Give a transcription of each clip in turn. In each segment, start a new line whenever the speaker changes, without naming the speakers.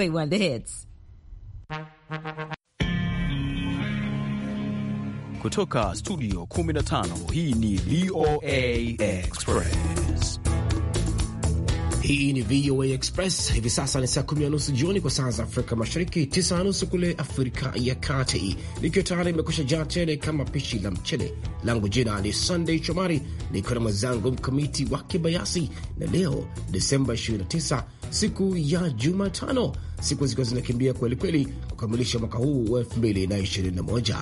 of the hits.
Kutoka studio 15 hii ni VOA Express. Hii ni VOA Express. Hivi sasa ni saa kumi na nusu jioni kwa saa za Afrika Mashariki, tisa na nusu kule Afrika ya Kati, nikiwa tayari imekusha jaa tele kama pishi la mchele langu. Jina ni Sunday Shomari, nikiwa na mwenzangu Mkamiti wa Kibayasi, na leo Desemba 29 siku ya Jumatano siku zikiwa zinakimbia kweli kukamilisha mwaka huu wa 2021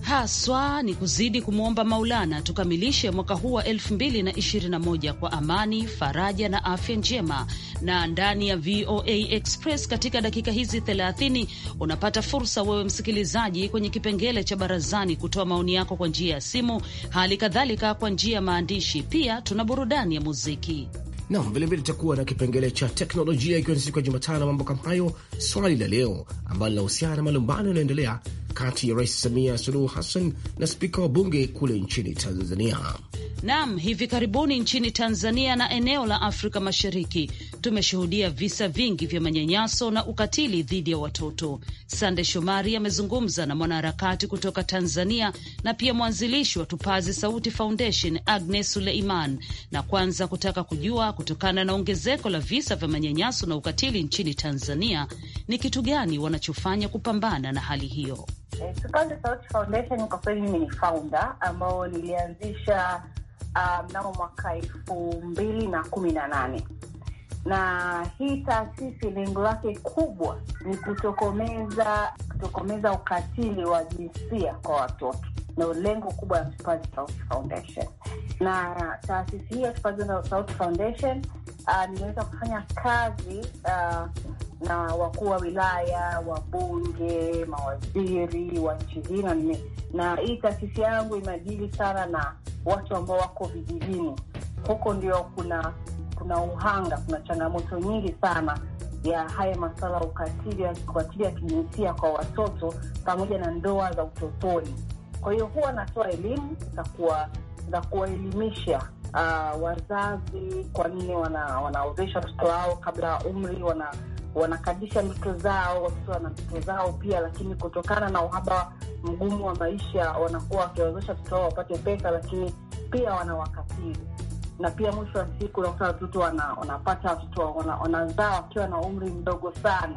haswa ni kuzidi kumwomba Maulana tukamilishe mwaka huu wa 2021 kwa amani, faraja na afya njema. Na ndani ya VOA Express katika dakika hizi 30 unapata fursa wewe msikilizaji, kwenye kipengele cha barazani, kutoa maoni yako kwa njia ya simu, hali kadhalika kwa njia ya maandishi. Pia tuna burudani ya muziki.
Nam, vilevile itakuwa na kipengele cha teknolojia, ikiwa ni siku ya Jumatano. Mambo kama hayo, swali la leo ambalo linahusiana na malumbano yanaendelea kati ya Rais Samia Suluhu Hassan na spika wa bunge kule nchini Tanzania
nam hivi karibuni nchini Tanzania na eneo la Afrika Mashariki tumeshuhudia visa vingi vya manyanyaso na ukatili dhidi ya watoto. Sande Shomari amezungumza na mwanaharakati kutoka Tanzania na pia mwanzilishi wa Tupaze Sauti Foundation Agnes Suleiman, na kwanza kutaka kujua kutokana na ongezeko la visa vya manyanyaso na ukatili nchini Tanzania ni kitu gani wanachofanya kupambana na hali hiyo.
Eh, Tupaze Sauti Foundation kwa kweli mimi ni founder ambao nilianzisha mnamo um, mnamo mwaka elfu mbili na kumi na nane na hii taasisi lengo lake kubwa ni kutokomeza kutokomeza ukatili wa jinsia kwa watoto ndo lengo kubwa ya Kipaji Sauti Foundation. Na taasisi hii ya Kipaji Sauti Foundation uh, nimeweza kufanya kazi uh, na wakuu wa wilaya, wabunge, mawaziri wa nchi hii, na hii taasisi yangu imeajiri sana na watu ambao wako vijijini huko, ndio kuna kuna uhanga, kuna changamoto nyingi sana ya haya masuala ya ukatili, ukatili ya kijinsia kwa watoto pamoja na ndoa za utotoni. Kwa hiyo huwa natoa elimu za kuwaelimisha uh, wazazi kwa nini wanaozesha wana watoto wao kabla ya umri, wana wanakadisha ndoto zao, watoto wana ndoto zao pia, lakini kutokana na uhaba mgumu wa maisha wanakuwa wakiwawezesha watoto wao wapate pesa, lakini pia wanawakatili na pia mwisho wa siku unakuta watoto wanapata watoto wanazaa wakiwa na umri mdogo sana.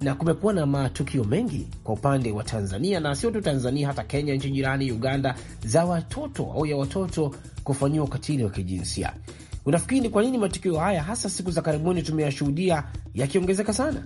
Na kumekuwa na matukio mengi kwa upande wa Tanzania na sio tu Tanzania, hata Kenya, nchi jirani Uganda, za watoto au ya watoto kufanyiwa ukatili wa kijinsia. Unafikiri ni kwa nini matukio haya hasa siku za karibuni tumeyashuhudia yakiongezeka sana?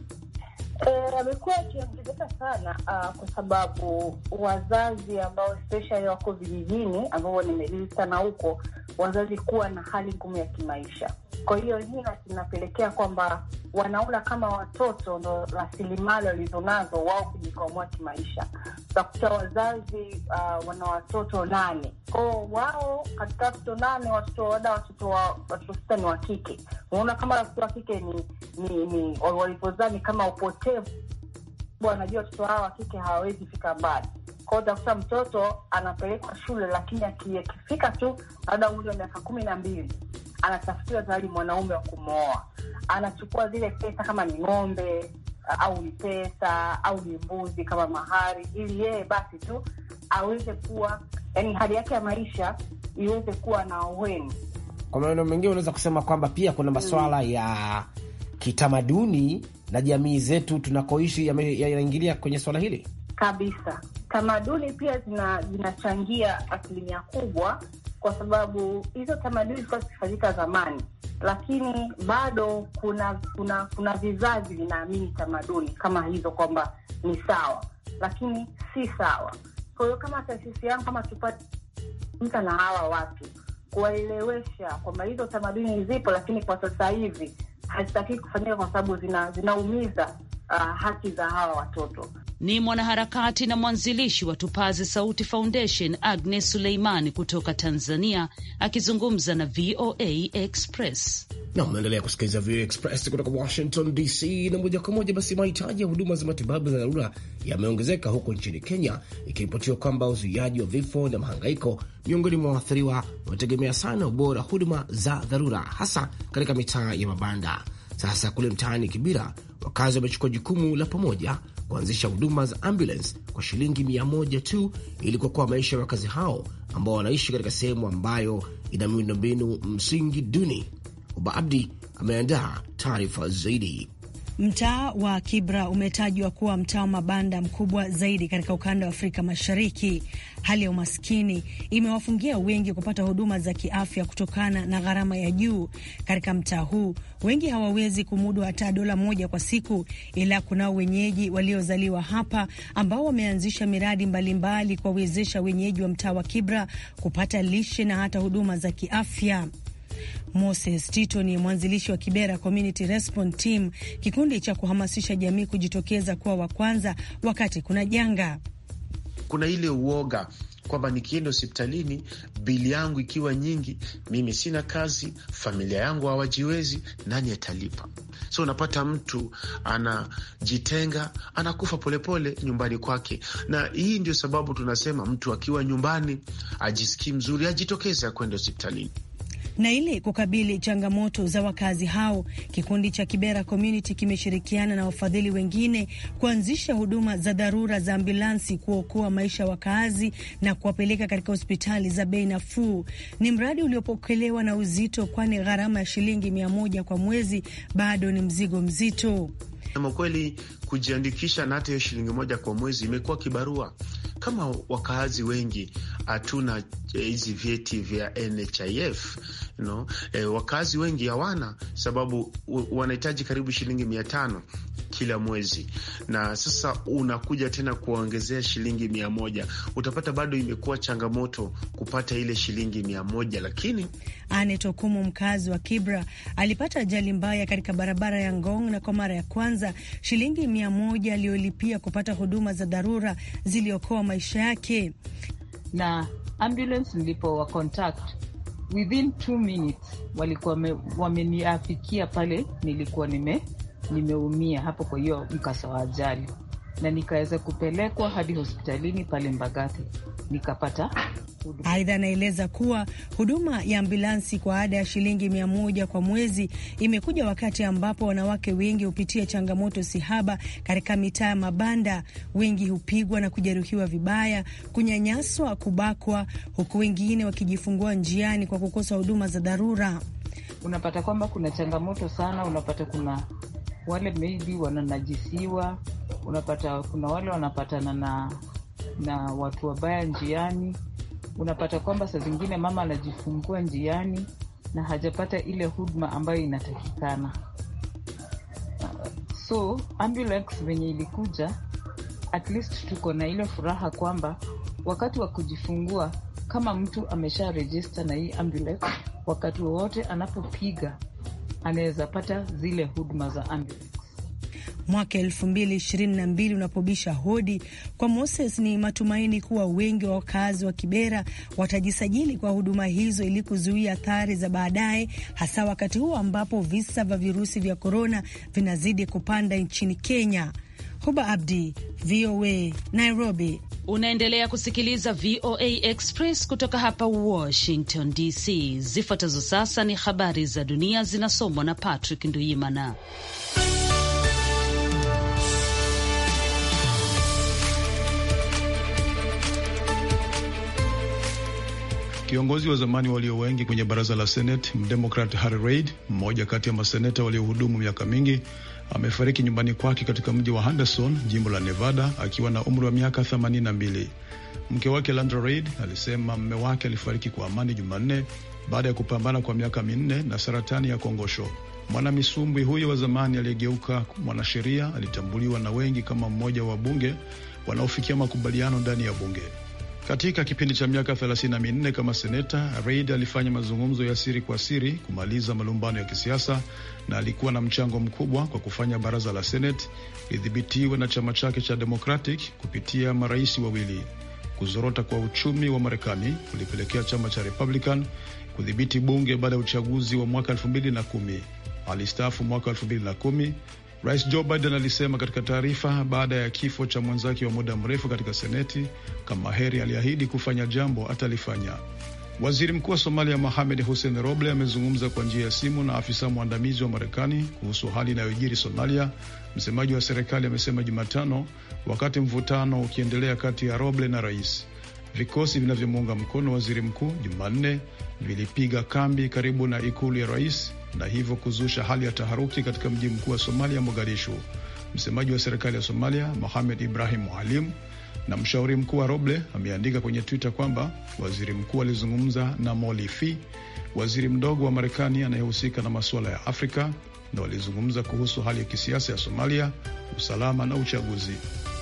Eh, yamekuwa e, yakiongezeka sana uh, kwa sababu wazazi ambao especially wako vijijini, ambao nimelii sana huko, wazazi kuwa na hali ngumu ya kimaisha kwa hiyo hilo linapelekea kwamba wanaona kama watoto ndo rasilimali walizonazo wao kujikwamua kimaisha. Utakuta wazazi uh, wana watoto nane kwao, wao katika watoto nane watoto wada watoto wa, watoto sita ni wa kike. Unaona kama watoto wa kike ni, ni, ni walivyozaa ni kama upotevu. Wanajua watoto hawa wa kike hawawezi fika mbali kwao, utakuta mtoto anapelekwa shule, lakini akifika tu labda umri wa miaka kumi na mbili anatafutiwa tayari mwanaume wa kumwoa, anachukua zile pesa, kama ni ng'ombe au ni pesa au ni mbuzi kama mahari, ili yeye basi tu aweze kuwa, yani hali yake ya maisha iweze kuwa na aweni.
Kwa maneno mengine, unaweza kusema kwamba pia kuna masuala mm, ya kitamaduni na jamii zetu tunakoishi yanaingilia ya kwenye swala hili
kabisa. Tamaduni pia zina, zinachangia asilimia kubwa kwa sababu hizo tamaduni zilikuwa zikifanyika zamani, lakini bado kuna kuna kuna vizazi vinaamini tamaduni kama hizo kwamba ni sawa, lakini si sawa. Kwa hiyo kama taasisi yangu kama mta na hawa watu kuwaelewesha kwamba hizo tamaduni zipo, lakini kwa sasa hivi hazitakii kufanyika kwa sababu zinaumiza zina uh, haki za hawa watoto
ni mwanaharakati na mwanzilishi wa Tupaze Sauti Foundation Agnes Suleimani kutoka Tanzania akizungumza na VOA Express.
Na unaendelea kusikiliza VOA Express kutoka Washington DC na moja kwa moja. Basi, mahitaji ya huduma za matibabu za dharura yameongezeka huko nchini Kenya, ikiripotiwa kwamba uzuiaji wa vifo na mahangaiko miongoni mwa waathiriwa wanategemea sana ubora huduma za dharura, hasa katika mitaa ya mabanda. Sasa kule mtaani Kibira, wakazi wamechukua jukumu la pamoja kuanzisha huduma za ambulance kwa shilingi mia moja tu ili kuokoa maisha ya wakazi hao ambao wanaishi katika sehemu ambayo ina miundombinu msingi duni. Uba Abdi ameandaa taarifa zaidi.
Mtaa wa Kibra umetajwa kuwa mtaa wa mabanda mkubwa zaidi katika ukanda wa Afrika Mashariki. Hali ya umaskini imewafungia wengi kupata huduma za kiafya kutokana na gharama ya juu katika mtaa huu. Wengi hawawezi kumudu hata dola moja kwa siku, ila kunao wenyeji waliozaliwa hapa ambao wameanzisha miradi mbalimbali kuwawezesha wenyeji wa mtaa wa Kibra kupata lishe na hata huduma za kiafya. Moses Tito ni mwanzilishi wa Kibera Community Response Team, kikundi cha kuhamasisha jamii kujitokeza kuwa wa kwanza wakati kuna janga.
Kuna ile uoga kwamba nikienda hospitalini bili yangu ikiwa nyingi, mimi sina kazi, familia yangu hawajiwezi, nani atalipa? So unapata mtu anajitenga, anakufa polepole nyumbani kwake, na hii ndio sababu tunasema mtu akiwa nyumbani ajisikii mzuri, ajitokeze akwenda hospitalini.
Na ili kukabili changamoto za wakazi hao, kikundi cha Kibera Community kimeshirikiana na wafadhili wengine kuanzisha huduma za dharura za ambulansi kuokoa maisha ya wakazi na kuwapeleka katika hospitali za bei nafuu. Ni mradi uliopokelewa na uzito, kwani gharama ya shilingi mia moja kwa mwezi bado ni mzigo mzito.
Sema kweli, kujiandikisha na hata hiyo shilingi moja kwa mwezi imekuwa kibarua. Kama wakaazi wengi hatuna eh, hizi vyeti vya NHIF no? E, eh, wakazi wengi hawana sababu wanahitaji karibu shilingi mia tano kila mwezi, na sasa unakuja tena kuwaongezea shilingi mia moja utapata bado imekuwa changamoto kupata ile shilingi mia moja Lakini
Anet Okumu, mkazi wa Kibra, alipata ajali mbaya katika barabara ya Ngong, na kwa mara ya kwanza shilingi mia moja aliyolipia kupata huduma za dharura ziliokoa maisha yake na ambulance nilipo wa contact within two minutes walikuwa
wameniafikia pale nilikuwa nime nimeumia hapo, kwa hiyo mkasa wa ajali na nikaweza kupelekwa hadi hospitalini pale Mbagati nikapata
Aidha, anaeleza kuwa huduma ya ambulansi kwa ada ya shilingi mia moja kwa mwezi imekuja wakati ambapo wanawake wengi hupitia changamoto sihaba katika mitaa ya mabanda. Wengi hupigwa na kujeruhiwa vibaya, kunyanyaswa, kubakwa, huku wengine wakijifungua njiani kwa kukosa huduma za dharura.
Unapata kwamba kuna changamoto sana, unapata kuna wale maybe wananajisiwa, unapata kuna wale wanapatana na na watu wabaya njiani. Unapata kwamba saa zingine mama anajifungua njiani na hajapata ile huduma ambayo inatakikana. So ambulance venye ilikuja, at least tuko na ile furaha kwamba wakati wa kujifungua, kama mtu amesha rejista na hii ambulance, wakati wowote anapopiga anaweza pata zile huduma za ambulance.
Mwaka elfu mbili ishirini na mbili unapobisha hodi kwa Moses, ni matumaini kuwa wengi wa wakazi wa Kibera watajisajili kwa huduma hizo ili kuzuia athari za baadaye, hasa wakati huo ambapo visa vya virusi vya korona vinazidi kupanda nchini Kenya. Huba Abdi, VOA Nairobi.
Unaendelea kusikiliza VOA Express kutoka hapa Washington DC. Zifuatazo sasa ni habari za dunia zinasomwa na Patrick Nduimana.
Kiongozi wa zamani walio wengi kwenye baraza la Senate, Mdemokrat Harry Reid, mmoja kati ya maseneta waliohudumu miaka mingi amefariki nyumbani kwake katika mji wa Henderson, jimbo la Nevada, akiwa na umri wa miaka 82. Mke wake Landra Reid alisema mme wake alifariki kwa amani Jumanne baada ya kupambana kwa miaka minne na saratani ya kongosho. Mwanamisumbwi huyo wa zamani aliyegeuka mwanasheria alitambuliwa na wengi kama mmoja wa bunge wanaofikia makubaliano ndani ya bunge. Katika kipindi cha miaka 34 kama seneta, Reid alifanya mazungumzo ya siri kwa siri kumaliza malumbano ya kisiasa na alikuwa na mchango mkubwa kwa kufanya baraza la Senate lidhibitiwe na chama chake cha Democratic kupitia marais wawili. Kuzorota kwa uchumi wa Marekani kulipelekea chama cha Republican kudhibiti bunge baada ya uchaguzi wa mwaka 2010. Alistaafu mwaka 2010 Rais Joe Biden alisema katika taarifa baada ya kifo cha mwenzake wa muda mrefu katika Seneti, kama Heri aliahidi kufanya jambo atalifanya. Waziri Mkuu wa Somalia Mohamed Hussein Roble amezungumza kwa njia ya simu na afisa mwandamizi wa Marekani kuhusu hali inayojiri Somalia, msemaji wa serikali amesema Jumatano, wakati mvutano ukiendelea kati ya Roble na rais. Vikosi vinavyomuunga mkono waziri mkuu Jumanne vilipiga kambi karibu na ikulu ya rais na hivyo kuzusha hali ya taharuki katika mji mkuu wa Somalia, Mogadishu. Msemaji wa serikali ya Somalia Mohamed Ibrahim Mualim na mshauri mkuu wa Roble ameandika kwenye Twitter kwamba waziri mkuu alizungumza na Molifi, waziri mdogo wa Marekani anayehusika na masuala ya Afrika, na walizungumza kuhusu hali ya kisiasa ya Somalia, usalama na uchaguzi.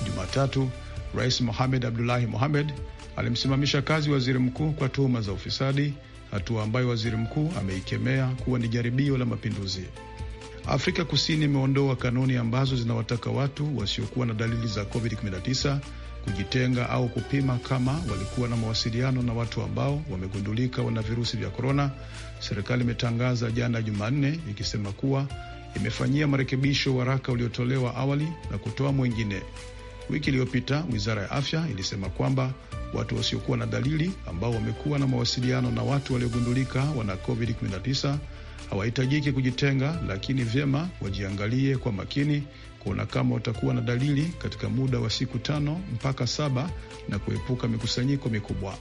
Jumatatu, Rais Mohamed Abdullahi Mohamed alimsimamisha kazi waziri mkuu kwa tuhuma za ufisadi hatua ambayo waziri mkuu ameikemea kuwa ni jaribio la mapinduzi. Afrika Kusini imeondoa kanuni ambazo zinawataka watu wasiokuwa na dalili za COVID-19 kujitenga au kupima kama walikuwa na mawasiliano na watu ambao wamegundulika wana virusi vya korona. Serikali imetangaza jana Jumanne ikisema kuwa imefanyia marekebisho waraka uliotolewa awali na kutoa mwingine. Wiki iliyopita wizara ya afya ilisema kwamba watu wasiokuwa na dalili ambao wamekuwa na mawasiliano na watu waliogundulika wana COVID-19 hawahitajiki kujitenga, lakini vyema wajiangalie kwa makini kuona kama watakuwa na dalili katika muda wa siku tano mpaka saba na kuepuka mikusanyiko mikubwa.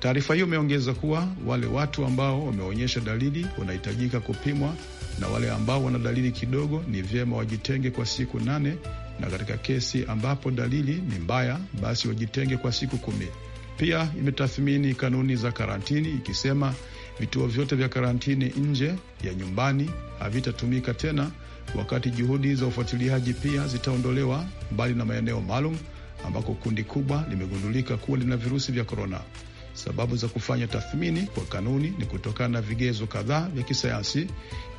Taarifa hiyo imeongeza kuwa wale watu ambao wameonyesha dalili wanahitajika kupimwa na wale ambao wana dalili kidogo ni vyema wajitenge kwa siku nane na katika kesi ambapo dalili ni mbaya, basi wajitenge kwa siku kumi. Pia imetathmini kanuni za karantini ikisema vituo vyote vya karantini nje ya nyumbani havitatumika tena, wakati juhudi za ufuatiliaji pia zitaondolewa, mbali na maeneo maalum ambako kundi kubwa limegundulika kuwa lina virusi vya korona. Sababu za kufanya tathmini kwa kanuni ni kutokana na vigezo kadhaa vya kisayansi,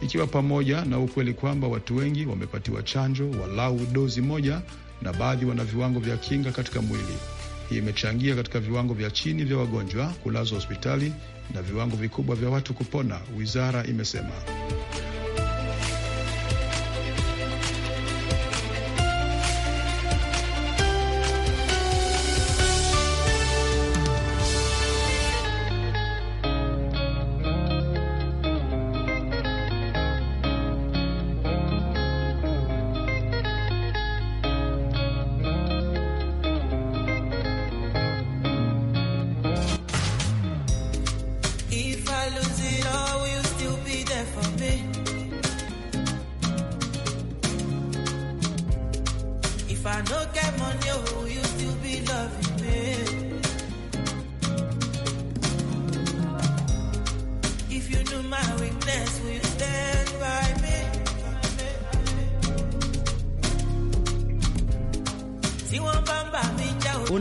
ikiwa pamoja na ukweli kwamba watu wengi wamepatiwa chanjo walau dozi moja na baadhi wana viwango vya kinga katika mwili. Hii imechangia katika viwango vya chini vya wagonjwa kulazwa hospitali na viwango vikubwa vya watu kupona, wizara imesema.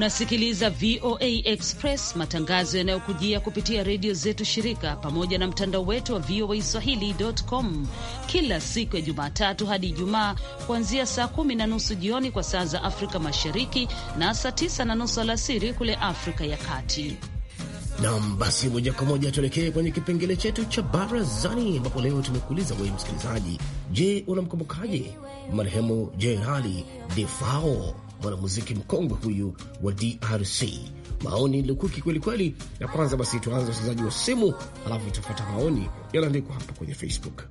Unasikiliza VOA Express, matangazo yanayokujia kupitia redio zetu shirika pamoja na mtandao wetu wa VOA Swahili.com kila siku ya Jumatatu hadi Ijumaa kuanzia saa kumi na nusu jioni kwa saa za Afrika Mashariki na saa tisa na nusu alasiri kule Afrika ya Kati.
Nam, basi moja kwa moja tuelekee kwenye kipengele chetu cha barazani, ambapo leo tumekuuliza wewe msikilizaji, je, unamkumbukaje marehemu Jenerali Defao? mwanamuziki mkongwe huyu wa DRC. Maoni lukuki kwelikweli. Na kwanza basi tuanze wachezaji wa simu, alafu itafuata maoni yanaandikwa hapa kwenye Facebook.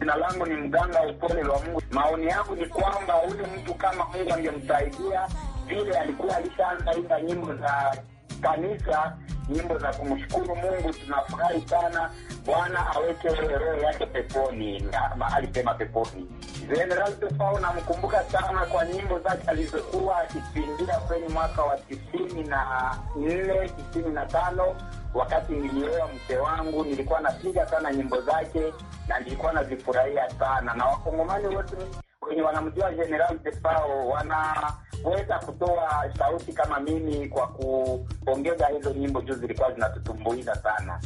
Jina langu ni mganga upole wa Mungu. Maoni yangu ni kwamba huyu mtu kama Mungu angemsaidia vile alikuwa alishaanza hiza nyimbo za kanisa nyimbo za kumshukuru Mungu. Tunafurahi sana, Bwana aweke roho yake peponi na mahali pema peponi. General Tofau namkumbuka sana kwa nyimbo zake alizokuwa akipindia kwenye mwaka wa tisini na nne tisini na tano wakati nilioa mke wangu, nilikuwa napiga sana nyimbo zake na nilikuwa nazifurahia sana, na wakongomani wote wenye wanamjua General Tofau wana kuweza kutoa sauti kama mimi kwa kuongeza hizo nyimbo. Juu zilikuwa zinatutumbuiza sana.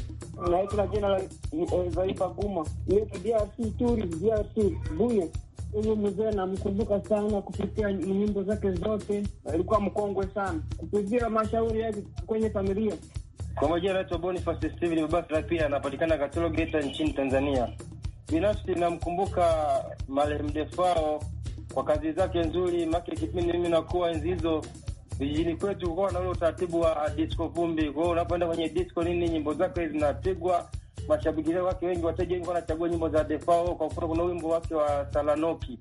Naitwa jina la eh, Zaifa Guma, niko DRC Turi, DRC Buye. Huyu mzee namkumbuka sana kupitia nyimbo zake zote, alikuwa mkongwe sana kupitia mashauri yake kwenye familia. Kwa moja anaitwa Boniface Steven Babasla, pia anapatikana Katoro nchini Tanzania. Binafsi namkumbuka marehemu Defao kwa kazi zake nzuri, make kipindi mimi nakuwa enzi hizo vijijini kwetu kukawa na ule utaratibu wa disco vumbi. Kwa hiyo unapoenda kwenye disco nini, nyimbo zake zinapigwa, mashabiki wake wengi, wateja wengi wanachagua nyimbo za Defao. Kwa mfano, kuna wimbo wake wa Salanoki.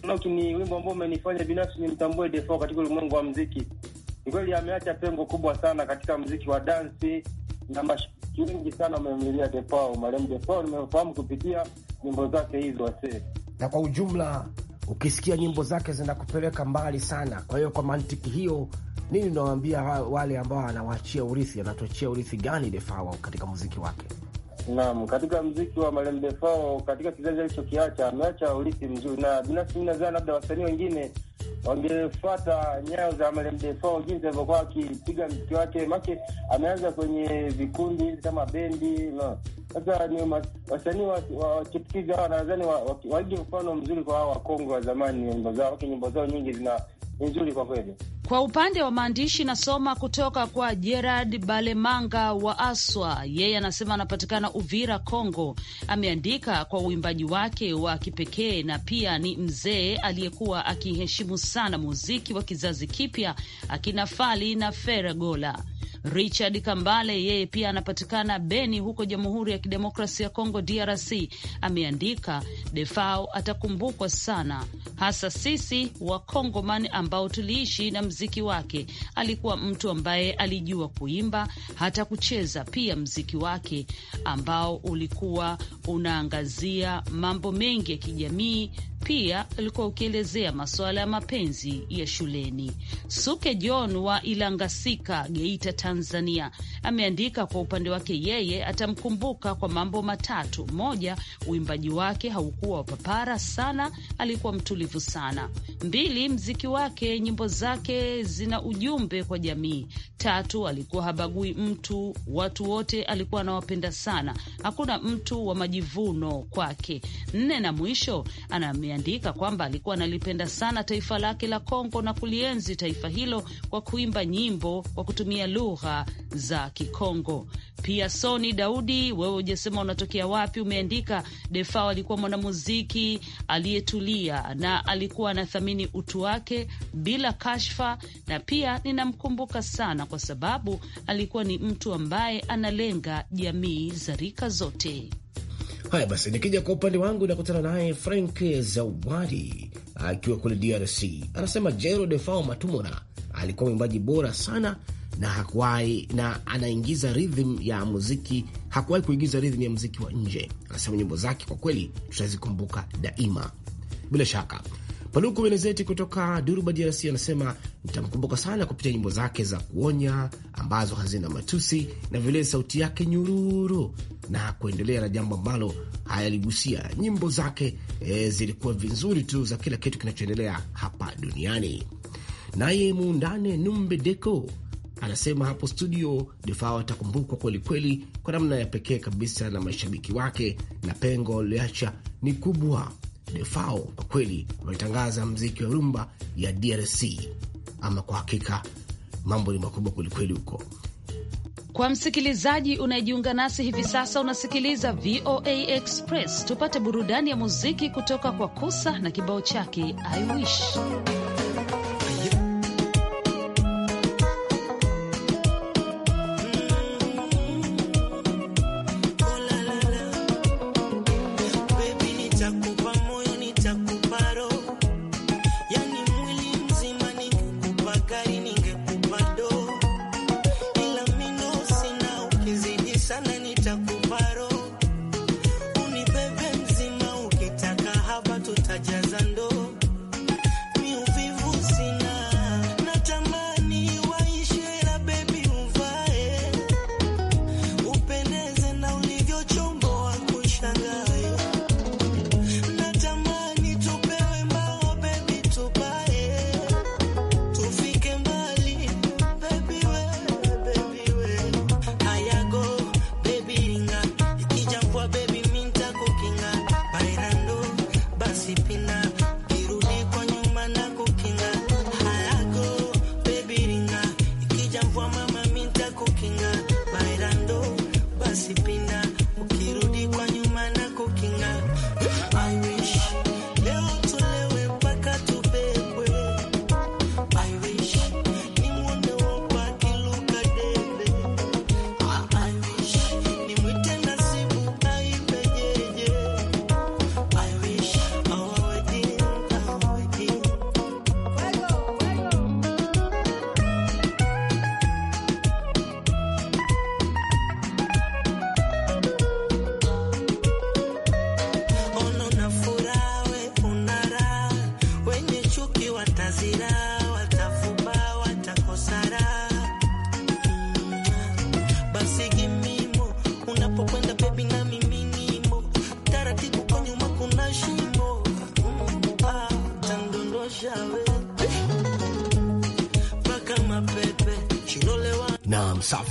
Salanoki ni wimbo ambao umenifanya binafsi nimtambue Defao katika ulimwengu wa mziki. Ni kweli ameacha pengo kubwa sana katika mziki wa dansi na mashabiki wengi sana wamemlilia Defao. Marehemu Defao nimefahamu kupitia nyimbo zake hizo wasee,
na kwa ujumla ukisikia nyimbo zake zinakupeleka mbali sana. Kwa hiyo kwa mantiki hiyo, nini unawaambia wale ambao anawaachia urithi? Anatuachia urithi gani Defao katika muziki wake?
Naam, katika mziki wa Marehemu Defao katika kizazi alichokiacha ameacha urithi mzuri, na binafsi mi nazaa labda wasanii wengine wangefuata nyayo za Malem jinsi alivyokuwa akipiga mziki wake, make ameanza kwenye vikundi hivi kama bendi no. Sasa ni wasanii wachipukizi hawa, nadhani waige mfano mzuri kwa hao wakongwe wa zamani, nyimbo zao. Nyimbo zao nyingi zina ni nzuri kwa kweli.
Kwa upande wa maandishi nasoma kutoka kwa Gerard Balemanga wa Aswa, yeye anasema anapatikana Uvira, Congo. Ameandika kwa uimbaji wake wa kipekee na pia ni mzee aliyekuwa akiheshimu sana muziki wa kizazi kipya akina Fali na Feragola. Richard Kambale yeye pia anapatikana Beni huko Jamhuri ya Kidemokrasia ya Kongo DRC, ameandika Defao atakumbukwa sana, hasa sisi Wakongomani ambao tuliishi na mziki wake. Alikuwa mtu ambaye alijua kuimba hata kucheza pia. Mziki wake ambao ulikuwa unaangazia mambo mengi ya kijamii pia ulikuwa ukielezea masuala ya mapenzi ya shuleni. Suke John wa Ilangasika, Geita, Tanzania, ameandika kwa upande wake, yeye atamkumbuka kwa mambo matatu. Moja, uimbaji wake haukuwa wapapara sana, alikuwa mtulivu sana. Mbili, mziki wake, nyimbo zake zina ujumbe kwa jamii. Tatu, alikuwa habagui mtu, watu wote alikuwa anawapenda sana, hakuna mtu wa majivuno kwake. Nne na mwisho ana ameandika kwamba alikuwa analipenda sana taifa lake la Kongo na kulienzi taifa hilo kwa kuimba nyimbo kwa kutumia lugha za Kikongo. Pia Soni Daudi, wewe ujasema unatokea wapi, umeandika Defao alikuwa mwanamuziki aliyetulia na alikuwa anathamini utu wake bila kashfa, na pia ninamkumbuka sana kwa sababu alikuwa ni mtu ambaye analenga jamii za rika zote.
Haya basi, nikija kwa upande wangu nakutana naye Frank Zawadi akiwa kule DRC, anasema Jero Defao Matumura alikuwa mwimbaji bora sana na hakuwahi na anaingiza rhythm ya muziki, hakuwahi kuingiza rhythm ya muziki wa nje. Anasema nyimbo zake kwa kweli tutazikumbuka daima. Bila shaka Paluku Benezeti kutoka Durban, DRC anasema nitamkumbuka sana kupitia nyimbo zake za kuonya ambazo hazina matusi na vile sauti yake nyururu na kuendelea na jambo ambalo hayaligusia. Nyimbo zake e, zilikuwa vizuri tu za kila kitu kinachoendelea hapa duniani. Naye Muundane Numbe Deko anasema hapo studio Defao atakumbukwa kwelikweli kwa namna ya pekee kabisa na mashabiki wake, na pengo liacha ni kubwa Defao kwa kweli wametangaza mziki wa rumba ya DRC. Ama kwa hakika mambo ni makubwa kwelikweli huko.
Kwa msikilizaji unayejiunga nasi hivi sasa, unasikiliza VOA Express. Tupate burudani ya muziki kutoka kwa Kusa na kibao chake I wish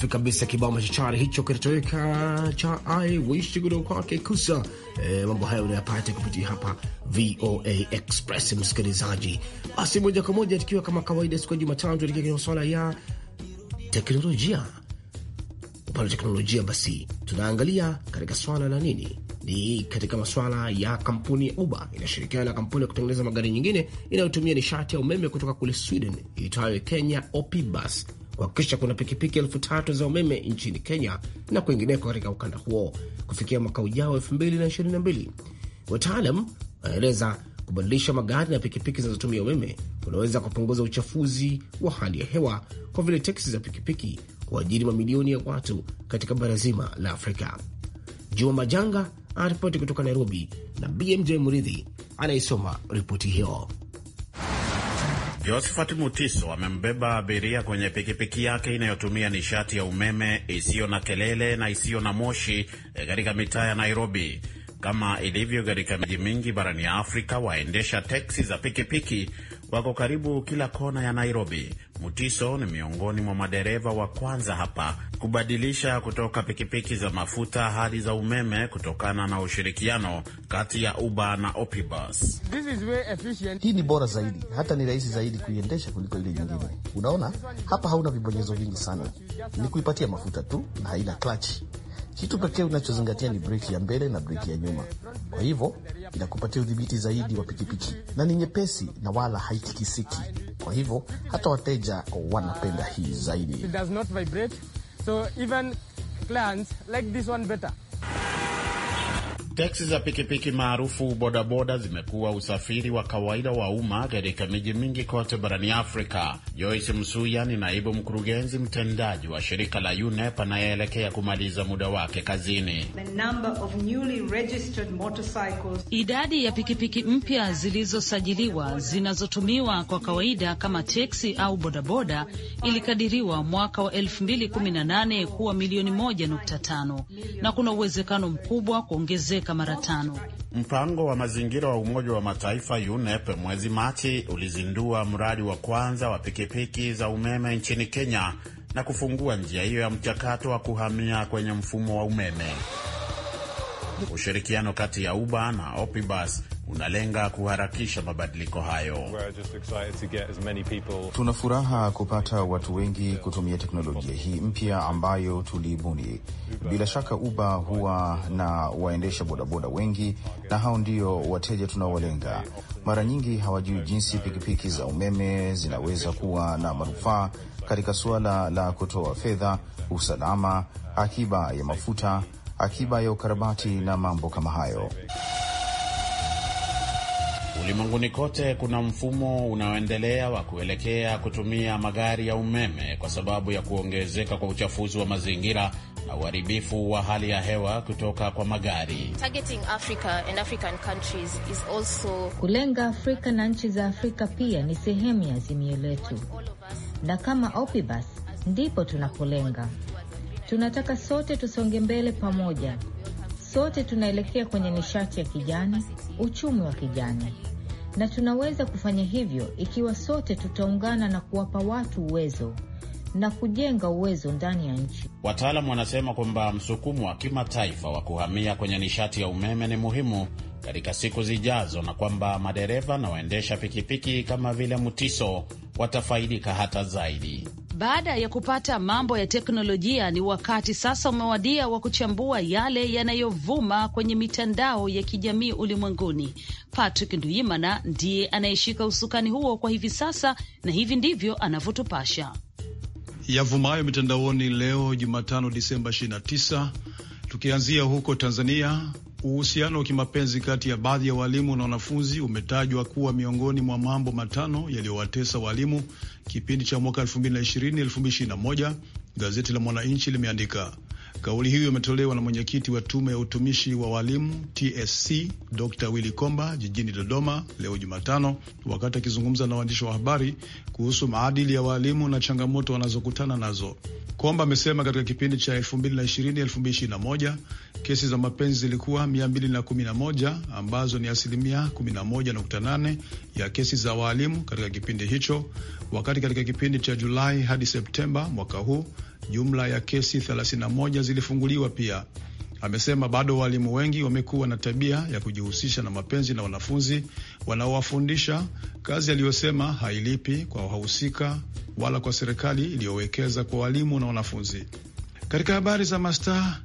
kabisa kibao machachari hicho kitotoweka cha I wish kutoka kwake Kusa. E, mambo hayo unayapata kupitia hapa VOA Express, msikilizaji. Basi moja kwa moja tukiwa kama kawaida, siku ya Jumatano tuelekea kwenye masuala ya teknolojia. Upande teknolojia, basi tunaangalia katika swala la nini ni katika masuala ya kampuni ya Uber inashirikiana na kampuni ya kutengeneza magari nyingine inayotumia nishati ya umeme kutoka kule Sweden iitwayo Kenya Opibus kuhakikisha kuna pikipiki elfu tatu za umeme nchini Kenya na kwingineko katika ukanda huo kufikia mwaka ujao mbili. Wataalam wanaeleza kubadilisha magari na pikipiki zinazotumia umeme kunaweza kupunguza uchafuzi wa hali ya hewa kwa vile teksi za pikipiki kuajiri mamilioni ya watu katika bara zima la Afrika. Juma Majanga anaripoti kutoka Nairobi na BMJ Muridhi anayesoma ripoti hiyo.
Josephat Mutiso amembeba abiria kwenye pikipiki yake inayotumia nishati ya umeme isiyo na kelele na isiyo na moshi eh, katika mitaa ya Nairobi. Kama ilivyo katika miji mingi barani Afrika, waendesha teksi za pikipiki wako karibu kila kona ya Nairobi. Mutiso ni miongoni mwa madereva wa kwanza hapa kubadilisha kutoka pikipiki za mafuta hadi za umeme kutokana na ushirikiano kati ya Uber na Opibus. Hii ni bora zaidi, hata ni rahisi zaidi kuiendesha kuliko ile nyingine. Unaona hapa hauna vibonyezo vingi sana, ni kuipatia mafuta tu na haina klachi kitu pekee unachozingatia ni breki ya mbele na breki ya nyuma, kwa hivyo inakupatia udhibiti zaidi wa pikipiki, na ni nyepesi na wala haitikisiki, kwa hivyo hata wateja wanapenda hii zaidi. Teksi za pikipiki maarufu bodaboda zimekuwa usafiri wa kawaida wa umma katika miji mingi kote barani Afrika. Joyce Msuya ni naibu mkurugenzi mtendaji wa shirika la UNEP anayeelekea kumaliza muda wake kazini.
Idadi ya pikipiki mpya zilizosajiliwa zinazotumiwa kwa kawaida kama teksi au bodaboda ilikadiriwa mwaka wa 2018 kuwa milioni 1.5 na kuna uwezekano mkubwa kuongezeka miaka mara tano.
Mpango wa mazingira wa Umoja wa Mataifa UNEP mwezi Machi ulizindua mradi wa kwanza wa pikipiki za umeme nchini Kenya na kufungua njia hiyo ya mchakato wa kuhamia kwenye mfumo wa umeme. Ushirikiano kati ya Uber na Opibus unalenga kuharakisha mabadiliko hayo. People... tuna furaha kupata watu wengi kutumia teknolojia hii mpya ambayo tulibuni Bila shaka, Uber huwa na waendesha bodaboda wengi, na hao ndio wateja tunaowalenga. Mara nyingi hawajui jinsi pikipiki za umeme zinaweza kuwa na manufaa katika suala la kutoa fedha, usalama, akiba ya mafuta, akiba ya ukarabati na mambo kama hayo. Ulimwenguni kote kuna mfumo unaoendelea wa kuelekea kutumia magari ya umeme kwa sababu ya kuongezeka kwa uchafuzi wa mazingira na uharibifu wa hali ya hewa kutoka kwa magari.
Kulenga Afrika na nchi za Afrika pia ni sehemu ya azimio letu, na kama Opibus ndipo tunapolenga. Tunataka sote tusonge mbele pamoja. Sote tunaelekea kwenye nishati ya kijani, uchumi wa kijani na tunaweza kufanya hivyo ikiwa sote tutaungana na kuwapa watu uwezo na kujenga uwezo ndani ya nchi.
wataalam wanasema kwamba msukumo wa kimataifa wa kuhamia kwenye nishati ya umeme ni muhimu katika siku zijazo, na kwamba madereva na waendesha pikipiki kama vile mtiso watafaidika hata zaidi.
Baada ya kupata mambo ya teknolojia, ni wakati sasa umewadia wa kuchambua yale yanayovuma kwenye mitandao ya kijamii ulimwenguni. Patrick Nduimana ndiye anayeshika usukani huo kwa hivi sasa, na hivi ndivyo anavyotupasha
yavumayo mitandaoni leo Jumatano, Disemba 29, tukianzia huko Tanzania Uhusiano wa kimapenzi kati ya baadhi ya walimu na wanafunzi umetajwa kuwa miongoni mwa mambo matano yaliyowatesa walimu kipindi cha mwaka 2020-2021, gazeti la Mwananchi limeandika. Kauli hiyo imetolewa na mwenyekiti wa tume ya utumishi wa walimu TSC Dr Willy Komba jijini Dodoma leo Jumatano, wakati akizungumza na waandishi wa habari kuhusu maadili ya waalimu na changamoto wanazokutana nazo. Komba amesema katika kipindi cha 2020-2021 kesi za mapenzi zilikuwa 211 ambazo ni asilimia 11.8 ya kesi za waalimu katika kipindi hicho, wakati katika kipindi cha Julai hadi Septemba mwaka huu Jumla ya kesi 31 zilifunguliwa pia. Amesema bado waalimu wengi wamekuwa na tabia ya kujihusisha na mapenzi na wanafunzi wanaowafundisha, kazi aliyosema hailipi kwa wahusika wala kwa serikali iliyowekeza kwa walimu na wanafunzi. Katika habari za mastaa,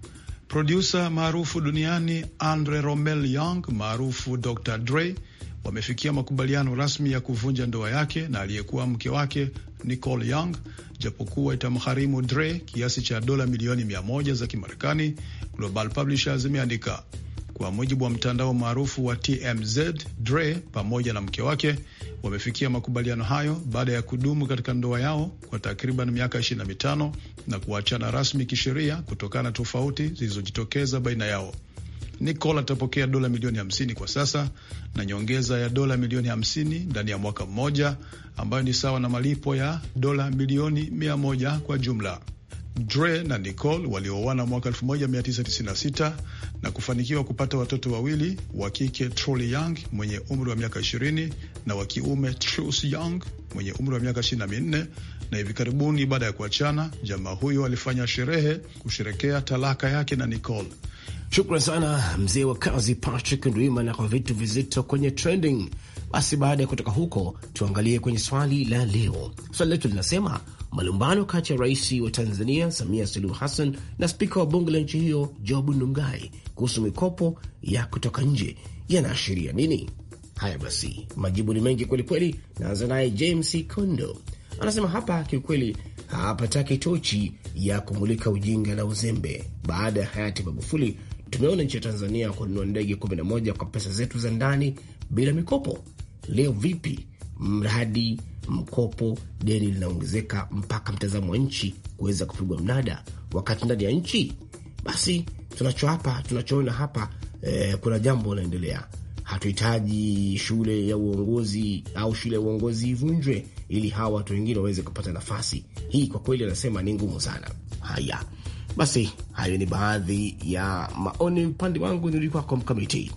produsa maarufu duniani Andre Romel Young maarufu Dr Dre wamefikia makubaliano rasmi ya kuvunja ndoa yake na aliyekuwa mke wake Nicole Young, japokuwa itamgharimu Dre kiasi cha dola milioni moja za Kimarekani, Global Publishers imeandika. Kwa mujibu wa mtandao maarufu wa TMZ, Dre pamoja na mke wake wamefikia makubaliano hayo baada ya kudumu katika ndoa yao kwa takriban miaka 25 na kuachana rasmi kisheria kutokana na tofauti zilizojitokeza baina yao. Nicol atapokea dola milioni 50 kwa sasa na nyongeza ya dola milioni 50 ndani ya mwaka mmoja, ambayo ni sawa na malipo ya dola milioni moja kwa jumla. Dre na Nicol walioana mwaka 1996 na kufanikiwa kupata watoto wawili wa kike Troy Young mwenye umri wa miaka 20 na wa kiume trus Young mwenye umri wa miaka 24. Na hivi karibuni, baada ya kuachana, jamaa huyo alifanya sherehe kusherekea talaka yake na Nicol. Shukran sana mzee wa kazi Patrick
Ndwimana kwa vitu vizito kwenye trending. Basi baada ya kutoka huko, tuangalie kwenye swali la leo. Swali letu linasema malumbano kati ya rais wa Tanzania Samia Suluhu Hassan na spika wa bunge la nchi hiyo Jobu Ndugai kuhusu mikopo ya kutoka nje yanaashiria nini? Haya basi, majibu ni mengi kwelikweli. Naanza naye James Kondo anasema hapa kiukweli hapataki tochi ya kumulika ujinga na uzembe baada ya hayati Magufuli Tumeona nchi ya Tanzania kununua ndege 11 kwa pesa zetu za ndani bila mikopo. Leo vipi, mradi mkopo, deni linaongezeka mpaka mtazamo wa nchi kuweza kupigwa mnada, wakati ndani ya nchi basi tunacho hapa tunachoona hapa eh, kuna jambo linaendelea. Hatuhitaji shule ya uongozi au shule ya uongozi ivunjwe ili hawa watu wengine waweze kupata nafasi hii. Kwa kweli, anasema ni ngumu sana. Haya, basi hayo ni baadhi ya maoni upande wangu, nirudi kwako Mkamiti.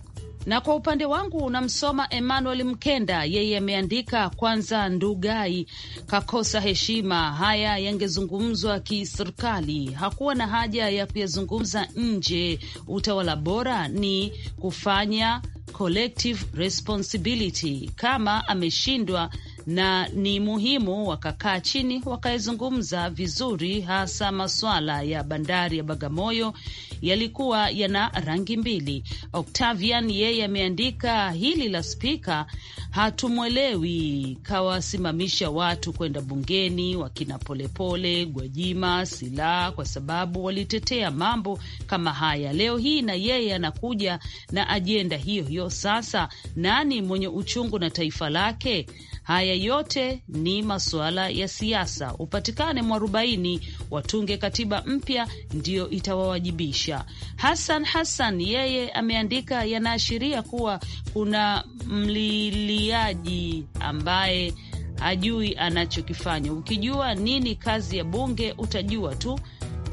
Na kwa upande wangu namsoma Emmanuel Mkenda, yeye ameandika kwanza, Ndugai kakosa heshima. Haya yangezungumzwa kiserikali, hakuwa na haja ya kuyazungumza nje. Utawala bora ni kufanya collective responsibility. Kama ameshindwa na ni muhimu wakakaa chini wakaezungumza vizuri, hasa maswala ya bandari ya Bagamoyo yalikuwa yana rangi mbili. Octavian yeye ameandika hili la spika hatumwelewi, kawasimamisha watu kwenda bungeni, wakina Polepole, Gwajima, silaha kwa sababu walitetea mambo kama haya. Leo hii na yeye anakuja na ajenda hiyo hiyo. Sasa nani mwenye uchungu na taifa lake? Haya yote ni masuala ya siasa. Upatikane mwarobaini, watunge katiba mpya, ndiyo itawawajibisha. Hassan Hassan yeye ameandika yanaashiria kuwa kuna mliliaji ambaye hajui anachokifanya. Ukijua nini kazi ya bunge, utajua tu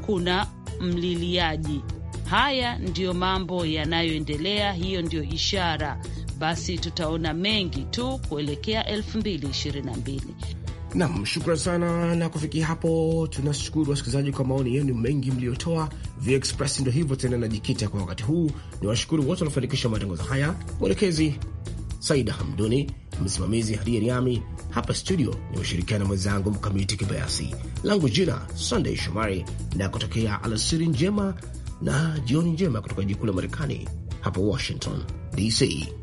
kuna mliliaji. Haya ndiyo mambo yanayoendelea, hiyo ndiyo ishara basi tutaona mengi tu kuelekea 2022.
Nam, shukran sana. Na kufikia hapo, tunashukuru wasikilizaji kwa maoni yenu mengi mliotoa. V Express ndo hivyo tena, najikita kwa wakati huu ni washukuru wote wanafanikisha matangazo haya, mwelekezi Saida Hamduni, msimamizi Hadia Riami. Hapa studio ni ushirikiano mwenzangu Mkamiti Kibayasi, langu jina Sunday Shomari, na kutokea alasiri njema na jioni njema kutoka jikuu la Marekani, hapa Washington DC.